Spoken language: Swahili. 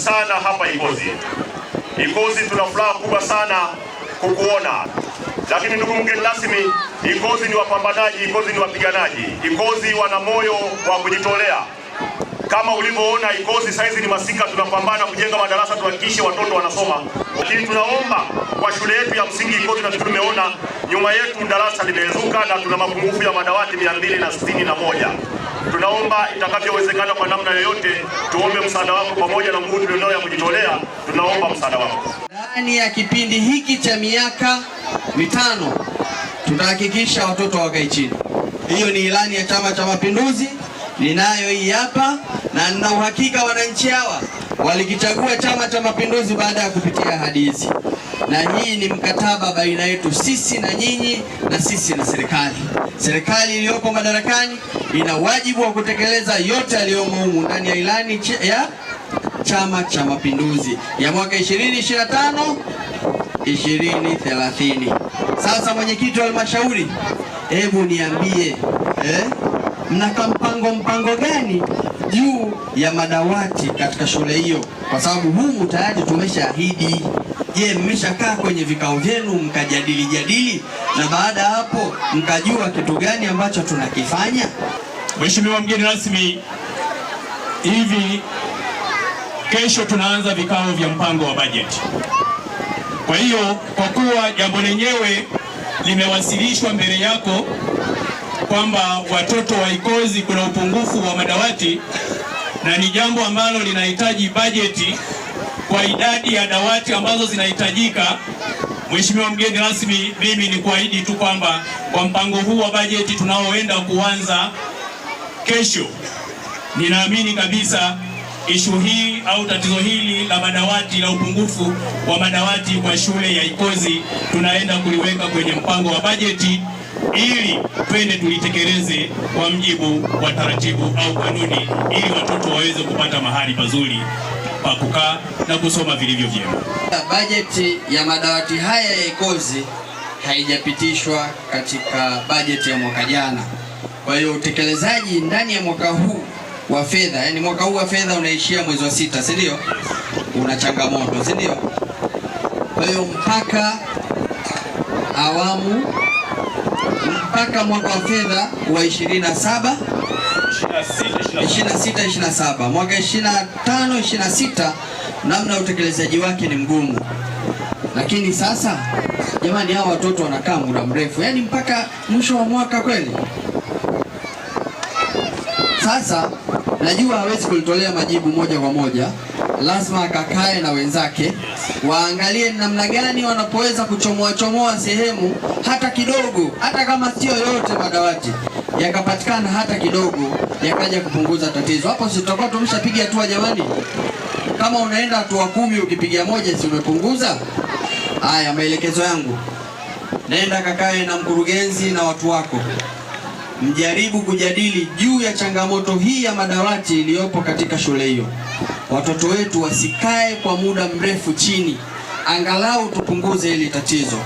sana hapa Ikozi. Ikozi, tuna furaha kubwa sana kukuona. Lakini ndugu mgeni rasmi, Ikozi ni wapambanaji, Ikozi ni wapiganaji, Ikozi wana moyo wa kujitolea. Kama ulivyoona ikozi saizi ni masika, tunapambana kujenga madarasa tuhakikishe watoto wanasoma, lakini tunaomba kwa shule yetu ya msingi ikozi na tumeona nyuma yetu darasa limezuka na tuna mapungufu ya madawati mia mbili na sitini na moja. Tunaomba itakavyowezekana kwa namna yoyote, tuombe msaada wako, pamoja na nguvu tulionayo ya kujitolea, tunaomba msaada wako ndani ya kipindi hiki cha miaka mitano, tutahakikisha watoto wakae chini. Hiyo ni ilani ya Chama cha Mapinduzi ninayo hii hapa, na nina uhakika wananchi hawa walikichagua Chama cha Mapinduzi baada ya kupitia ahadi hizi, na hii ni mkataba baina yetu sisi na nyinyi na sisi na serikali. Serikali iliyoko madarakani ina wajibu wa kutekeleza yote yaliyomo humu ndani ya ilani ya Chama cha Mapinduzi ya mwaka 2025 2030. Sasa mwenyekiti wa halmashauri, hebu niambie eh? mnaka mpango mpango gani juu ya madawati katika shule hiyo, kwa sababu humu tayari tumeshaahidi. Je, mmeshakaa kwenye vikao vyenu mkajadili jadili, na baada ya hapo mkajua kitu gani ambacho tunakifanya? Mheshimiwa mgeni rasmi, hivi kesho tunaanza vikao vya mpango wa bajeti. Kwa hiyo kwa kuwa jambo lenyewe limewasilishwa mbele yako kwamba watoto wa Ikozi kuna upungufu wa madawati na ni jambo ambalo linahitaji bajeti kwa idadi ya dawati ambazo zinahitajika. Mheshimiwa mgeni rasmi, mimi ni kuahidi tu kwamba kwa mpango huu wa bajeti tunaoenda kuanza kesho, ninaamini kabisa ishu hii au tatizo hili la madawati la upungufu wa madawati kwa shule ya Ikozi tunaenda kuliweka kwenye mpango wa bajeti ili twende tulitekeleze kwa mjibu wa taratibu au kanuni, ili watoto waweze kupata mahali pazuri pa kukaa na kusoma vilivyo vyema. Bajeti ya madawati haya ya Ikozi haijapitishwa katika bajeti ya mwaka jana. Kwa hiyo utekelezaji ndani ya mwaka huu wa fedha, yani mwaka huu wa fedha unaishia mwezi wa sita, si ndio? Una changamoto, si ndio? Kwa hiyo mpaka awamu mpaka mwaka wa fedha wa 27 26 27. Mwaka 25 26 namna utekelezaji wake ni mgumu, lakini sasa jamani, hawa watoto wanakaa muda mrefu, yaani mpaka mwisho wa mwaka kweli. Sasa najua hawezi kulitolea majibu moja kwa moja lazima akakae na wenzake waangalie namna gani wanapoweza kuchomoa chomoa sehemu hata kidogo, hata kama sio yote madawati yakapatikana hata kidogo, yakaja kupunguza tatizo hapo. Si tutakuwa tumeshapiga hatua jamani? Kama unaenda hatua kumi ukipiga moja, si umepunguza? Haya, maelekezo yangu, nenda kakae na mkurugenzi na watu wako mjaribu kujadili juu ya changamoto hii ya madawati iliyopo katika shule hiyo. Watoto wetu wasikae kwa muda mrefu chini, angalau tupunguze hili tatizo.